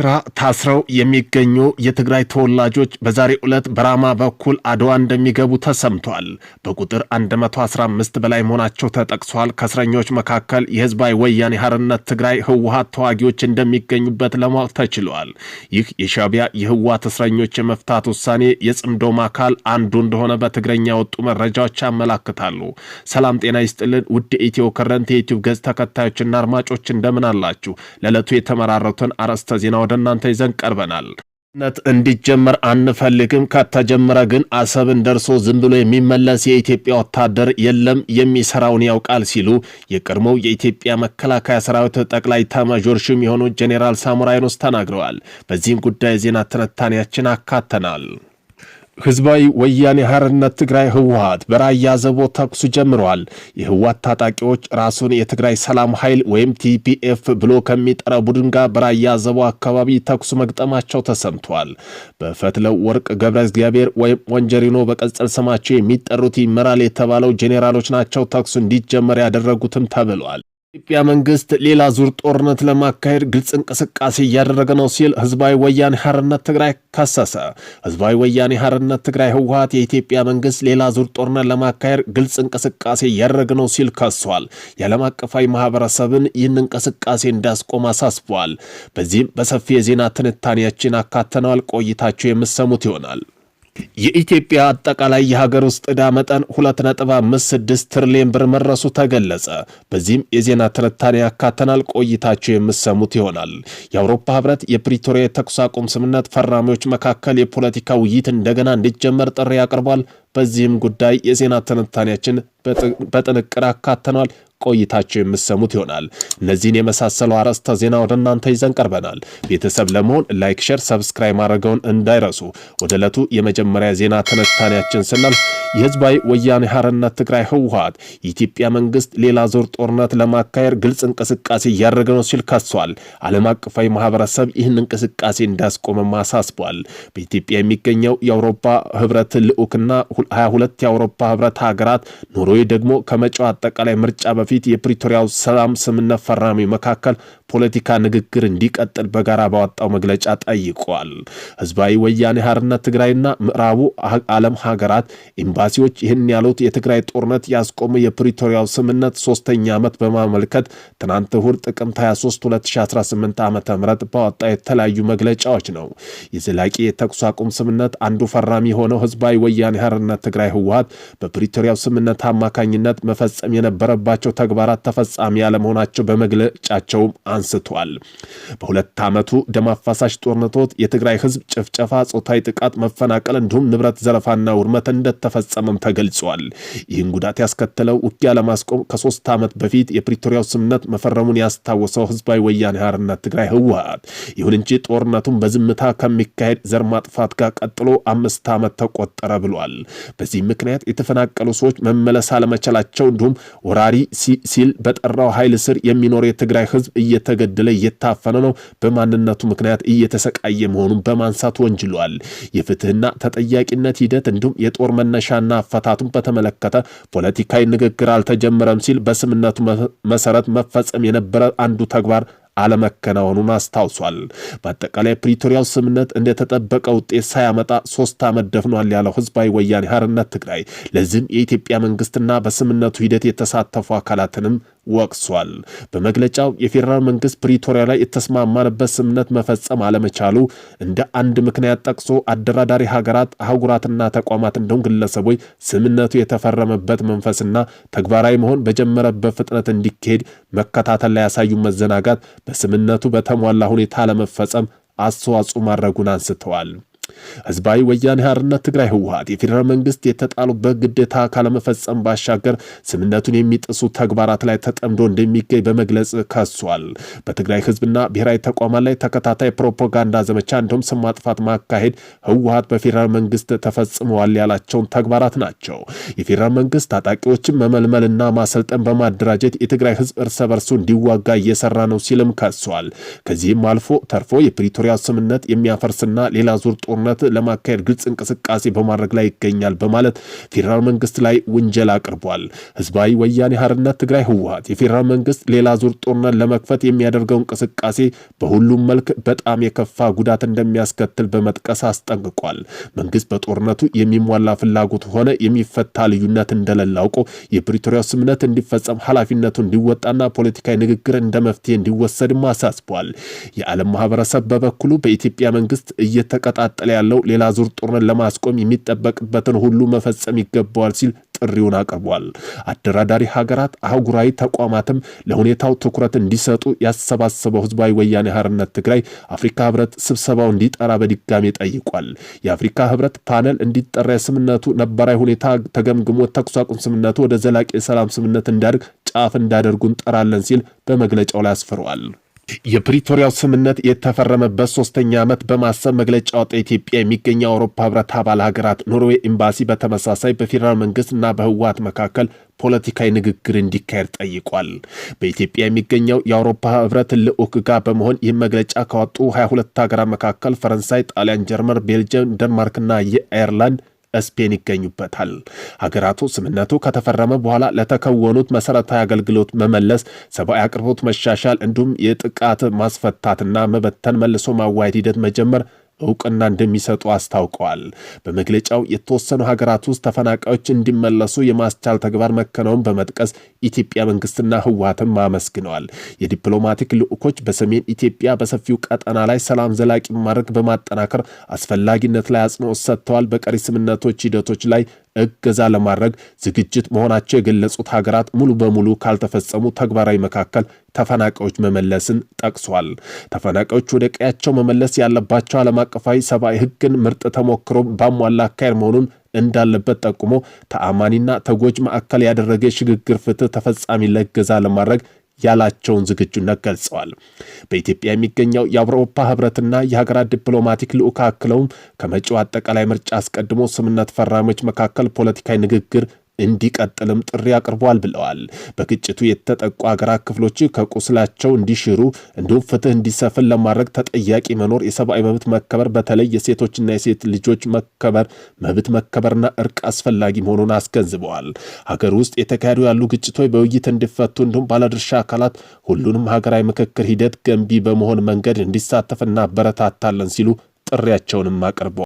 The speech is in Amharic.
ኤርትራ ታስረው የሚገኙ የትግራይ ተወላጆች በዛሬው ዕለት በራማ በኩል አድዋ እንደሚገቡ ተሰምቷል። በቁጥር 115 በላይ መሆናቸው ተጠቅሷል። ከእስረኞች መካከል የህዝባዊ ወያኔ ሓርነት ትግራይ ህወሀት ተዋጊዎች እንደሚገኙበት ለማወቅ ተችሏል። ይህ የሻቢያ የህወሀት እስረኞች የመፍታት ውሳኔ የጽምዶም አካል አንዱ እንደሆነ በትግረኛ የወጡ መረጃዎች ያመላክታሉ። ሰላም ጤና ይስጥልን ውድ ኢትዮ ከረንት የዩቲዩብ ገጽ ተከታዮችና አድማጮች እንደምን አላችሁ? ለዕለቱ የተመራረቱን አርዕስተ ዜና ወደ እናንተ ይዘን ቀርበናል። ነት እንዲጀመር አንፈልግም። ከተጀመረ ግን አሰብን ደርሶ ዝም ብሎ የሚመለስ የኢትዮጵያ ወታደር የለም፣ የሚሰራውን ያውቃል ሲሉ የቀድሞው የኢትዮጵያ መከላከያ ሰራዊት ጠቅላይ ኤታማዦር ሹም የሆኑ ጄኔራል ሳሙራይኖስ ተናግረዋል። በዚህም ጉዳይ ዜና ትንታኔያችን አካተናል። ህዝባዊ ወያኔ ሐርነት ትግራይ ህወሀት በራያ ዘቦ ተኩሱ ጀምረዋል። የህወሀት ታጣቂዎች ራሱን የትግራይ ሰላም ኃይል ወይም ቲፒኤፍ ብሎ ከሚጠራው ቡድን ጋር በራያ ዘቦ አካባቢ ተኩሱ መግጠማቸው ተሰምቷል። በፈትለው ወርቅ ገብረ እግዚአብሔር ወይም ወንጀሪኖ በቀጽል ስማቸው የሚጠሩት ይመራል የተባለው ጄኔራሎች ናቸው ተኩሱ እንዲጀመር ያደረጉትም ተብሏል። ኢትዮጵያ መንግስት ሌላ ዙር ጦርነት ለማካሄድ ግልጽ እንቅስቃሴ እያደረገ ነው ሲል ህዝባዊ ወያኔ ሀርነት ትግራይ ከሰሰ። ህዝባዊ ወያኔ ሀርነት ትግራይ ህወሀት የኢትዮጵያ መንግስት ሌላ ዙር ጦርነት ለማካሄድ ግልጽ እንቅስቃሴ እያደረገ ነው ሲል ከሷል። የዓለም አቀፋዊ ማህበረሰብን ይህን እንቅስቃሴ እንዳስቆም አሳስቧል። በዚህም በሰፊ የዜና ትንታኔያችን አካተነዋል። ቆይታቸው የምሰሙት ይሆናል። የኢትዮጵያ አጠቃላይ የሀገር ውስጥ ዕዳ መጠን 2.56 ትሪሊዮን ብር መድረሱ ተገለጸ። በዚህም የዜና ትንታኔ ያካተናል። ቆይታቸው የምሰሙት ይሆናል። የአውሮፓ ህብረት የፕሪቶሪያ የተኩስ አቁም ስምምነት ፈራሚዎች መካከል የፖለቲካ ውይይት እንደገና እንዲጀመር ጥሪ አቅርቧል። በዚህም ጉዳይ የዜና ትንታኔያችን በጥንቅር አካተናል። ቆይታቸው የምሰሙት ይሆናል። እነዚህን የመሳሰሉ አርዕስተ ዜና ወደ እናንተ ይዘን ቀርበናል። ቤተሰብ ለመሆን ላይክ፣ ሸር፣ ሰብስክራይብ ማድረገውን እንዳይረሱ። ወደ ዕለቱ የመጀመሪያ ዜና ትንታኔያችን ስናልፍ የህዝባዊ ወያኔ ሓርነት ትግራይ ህወሓት የኢትዮጵያ መንግስት ሌላ ዙር ጦርነት ለማካሄድ ግልጽ እንቅስቃሴ እያደረገ ነው ሲል ከሷል። ዓለም አቀፋዊ ማህበረሰብ ይህን እንቅስቃሴ እንዳስቆመም አሳስቧል። በኢትዮጵያ የሚገኘው የአውሮፓ ህብረት ልዑክና 22 የአውሮፓ ህብረት ሀገራት ኖርዌይ ደግሞ ከመጪው አጠቃላይ ምርጫ በፊት የፕሪቶሪያው ሰላም ስምነት ፈራሚ መካከል ፖለቲካ ንግግር እንዲቀጥል በጋራ ባወጣው መግለጫ ጠይቋል። ህዝባዊ ወያኔ ሀርነት ትግራይና ምዕራቡ ዓለም ሀገራት ኤምባሲዎች ይህን ያሉት የትግራይ ጦርነት ያስቆመ የፕሪቶሪያው ስምነት ሶስተኛ ዓመት በማመልከት ትናንት እሁድ ጥቅምት 23 2018 ዓ ም ባወጣ የተለያዩ መግለጫዎች ነው። የዘላቂ የተኩስ አቁም ስምነት አንዱ ፈራሚ የሆነው ህዝባዊ ወያኔ ሀርነት አማራና ትግራይ ህወሀት በፕሪቶሪያው ስምምነት አማካኝነት መፈጸም የነበረባቸው ተግባራት ተፈጻሚ ያለመሆናቸው በመግለጫቸውም አንስተዋል። በሁለት ዓመቱ ደም አፋሳሽ ጦርነቶት የትግራይ ህዝብ ጭፍጨፋ፣ ጾታዊ ጥቃት፣ መፈናቀል እንዲሁም ንብረት ዘረፋና ውድመት እንደተፈጸመም ተገልጿል። ይህን ጉዳት ያስከተለው ውጊያ ለማስቆም ከሶስት ዓመት በፊት የፕሪቶሪያው ስምምነት መፈረሙን ያስታወሰው ህዝባዊ ወያኔ ሓርነት ትግራይ ህወሀት ይሁን እንጂ ጦርነቱን በዝምታ ከሚካሄድ ዘር ማጥፋት ጋር ቀጥሎ አምስት ዓመት ተቆጠረ ብሏል። በዚህ ምክንያት የተፈናቀሉ ሰዎች መመለስ አለመቻላቸው እንዲሁም ወራሪ ሲል በጠራው ኃይል ስር የሚኖር የትግራይ ህዝብ እየተገደለ እየታፈነ ነው፣ በማንነቱ ምክንያት እየተሰቃየ መሆኑን በማንሳት ወንጅሏል። የፍትህና ተጠያቂነት ሂደት እንዲሁም የጦር መነሻና አፈታቱን በተመለከተ ፖለቲካዊ ንግግር አልተጀመረም ሲል በስምነቱ መሰረት መፈጸም የነበረ አንዱ ተግባር አለመከናወኑን አስታውሷል። በአጠቃላይ ፕሪቶሪያው ስምምነት እንደተጠበቀ ውጤት ሳያመጣ ሶስት ዓመት ደፍኗል ያለው ህዝባዊ ወያኔ ሓርነት ትግራይ ለዚህም የኢትዮጵያ መንግስትና በስምምነቱ ሂደት የተሳተፉ አካላትንም ወቅሷል። በመግለጫው የፌዴራል መንግስት ፕሪቶሪያ ላይ የተስማማንበት ስምነት መፈጸም አለመቻሉ እንደ አንድ ምክንያት ጠቅሶ አደራዳሪ ሀገራት አህጉራትና ተቋማት እንደሁም ግለሰቦች ስምነቱ የተፈረመበት መንፈስና ተግባራዊ መሆን በጀመረበት ፍጥነት እንዲካሄድ መከታተል ላይ ያሳዩ መዘናጋት በስምነቱ በተሟላ ሁኔታ ለመፈጸም አስተዋጽኦ ማድረጉን አንስተዋል። ህዝባዊ ወያኔ ሓርነት ትግራይ ህወሀት የፌዴራል መንግስት የተጣሉበት ግዴታ ካለመፈጸም ባሻገር ስምነቱን የሚጥሱ ተግባራት ላይ ተጠምዶ እንደሚገኝ በመግለጽ ከሷል። በትግራይ ህዝብና ብሔራዊ ተቋማት ላይ ተከታታይ ፕሮፓጋንዳ ዘመቻ እንዲሁም ስም ማጥፋት ማካሄድ ህወሀት በፌዴራል መንግስት ተፈጽመዋል ያላቸውን ተግባራት ናቸው። የፌዴራል መንግስት ታጣቂዎችን መመልመልና ማሰልጠን በማደራጀት የትግራይ ህዝብ እርስ በርሱ እንዲዋጋ እየሰራ ነው ሲልም ከሷል። ከዚህም አልፎ ተርፎ የፕሪቶሪያ ስምነት የሚያፈርስና ሌላ ዙር ጦርነት ጥምረት ለማካሄድ ግልጽ እንቅስቃሴ በማድረግ ላይ ይገኛል በማለት ፌዴራል መንግስት ላይ ውንጀላ አቅርቧል። ህዝባዊ ወያኔ ሀርነት ትግራይ ህወሀት የፌዴራል መንግስት ሌላ ዙር ጦርነት ለመክፈት የሚያደርገው እንቅስቃሴ በሁሉም መልክ በጣም የከፋ ጉዳት እንደሚያስከትል በመጥቀስ አስጠንቅቋል። መንግስት በጦርነቱ የሚሟላ ፍላጎት ሆነ የሚፈታ ልዩነት እንደሌለ አውቆ የፕሪቶሪያው ስምምነት እንዲፈጸም ኃላፊነቱ እንዲወጣና ፖለቲካዊ ንግግር እንደ መፍትሄ እንዲወሰድም አሳስቧል። የዓለም ማህበረሰብ በበኩሉ በኢትዮጵያ መንግስት እየተቀጣጠለ ያለው ሌላ ዙር ጦርነት ለማስቆም የሚጠበቅበትን ሁሉ መፈጸም ይገባዋል ሲል ጥሪውን አቅርቧል። አደራዳሪ ሀገራት አህጉራዊ ተቋማትም ለሁኔታው ትኩረት እንዲሰጡ ያሰባሰበው ህዝባዊ ወያኔ ሀርነት ትግራይ አፍሪካ ህብረት ስብሰባው እንዲጠራ በድጋሜ ጠይቋል። የአፍሪካ ህብረት ፓነል እንዲጠራ የስምነቱ ነባራዊ ሁኔታ ተገምግሞ ተኩስ አቁም ስምነቱ ወደ ዘላቂ የሰላም ስምነት እንዲያድግ ጫፍ እንዳደርጉ እንጠራለን ሲል በመግለጫው ላይ አስፍረዋል። የፕሪቶሪያው ስምምነት የተፈረመበት ሶስተኛ ዓመት በማሰብ መግለጫ ወጣ። ኢትዮጵያ የሚገኘው የአውሮፓ ህብረት አባል ሀገራት ኖርዌይ ኤምባሲ በተመሳሳይ በፌዴራል መንግስት እና በህወሓት መካከል ፖለቲካዊ ንግግር እንዲካሄድ ጠይቋል። በኢትዮጵያ የሚገኘው የአውሮፓ ህብረት ልዑክ ጋር በመሆን ይህ መግለጫ ካወጡ 22 ሀገራት መካከል ፈረንሳይ፣ ጣሊያን፣ ጀርመን፣ ቤልጅየም፣ ደንማርክና የአየርላንድ ስፔን ይገኙበታል። ሀገራቱ ስምነቱ ከተፈረመ በኋላ ለተከወኑት መሰረታዊ አገልግሎት መመለስ፣ ሰብአዊ አቅርቦት መሻሻል፣ እንዲሁም የጥቃት ማስፈታትና መበተን መልሶ ማዋየት ሂደት መጀመር እውቅና እንደሚሰጡ አስታውቀዋል። በመግለጫው የተወሰኑ ሀገራት ውስጥ ተፈናቃዮች እንዲመለሱ የማስቻል ተግባር መከናወን በመጥቀስ ኢትዮጵያ መንግስትና ህወሀትም አመስግነዋል። የዲፕሎማቲክ ልዑኮች በሰሜን ኢትዮጵያ በሰፊው ቀጠና ላይ ሰላም ዘላቂ ማድረግ በማጠናከር አስፈላጊነት ላይ አጽንኦት ሰጥተዋል። በቀሪ ስምነቶች ሂደቶች ላይ እገዛ ለማድረግ ዝግጅት መሆናቸው የገለጹት ሀገራት ሙሉ በሙሉ ካልተፈጸሙ ተግባራዊ መካከል ተፈናቃዮች መመለስን ጠቅሷል። ተፈናቃዮች ወደ ቀያቸው መመለስ ያለባቸው ዓለም አቀፋዊ ሰብአዊ ሕግን ምርጥ ተሞክሮ ባሟላ አካሄድ መሆኑን እንዳለበት ጠቁሞ ተአማኒና ተጎጅ ማዕከል ያደረገ ሽግግር ፍትህ ተፈጻሚ ለእገዛ ለማድረግ ያላቸውን ዝግጁነት ገልጸዋል። በኢትዮጵያ የሚገኘው የአውሮፓ ህብረትና የሀገራት ዲፕሎማቲክ ልዑክ አክለውም ከመጪው አጠቃላይ ምርጫ አስቀድሞ ስምነት ፈራሚዎች መካከል ፖለቲካዊ ንግግር እንዲቀጥልም ጥሪ አቅርቧል ብለዋል። በግጭቱ የተጠቁ አገራት ክፍሎች ከቁስላቸው እንዲሽሩ እንዲሁም ፍትህ እንዲሰፍን ለማድረግ ተጠያቂ መኖር፣ የሰብአዊ መብት መከበር፣ በተለይ የሴቶችና የሴት ልጆች መከበር መብት መከበርና እርቅ አስፈላጊ መሆኑን አስገንዝበዋል። ሀገር ውስጥ የተካሄዱ ያሉ ግጭቶች በውይይት እንዲፈቱ እንዲሁም ባለድርሻ አካላት ሁሉንም ሀገራዊ ምክክር ሂደት ገንቢ በመሆን መንገድ እንዲሳተፍ እናበረታታለን ሲሉ ጥሪያቸውንም አቅርበዋል።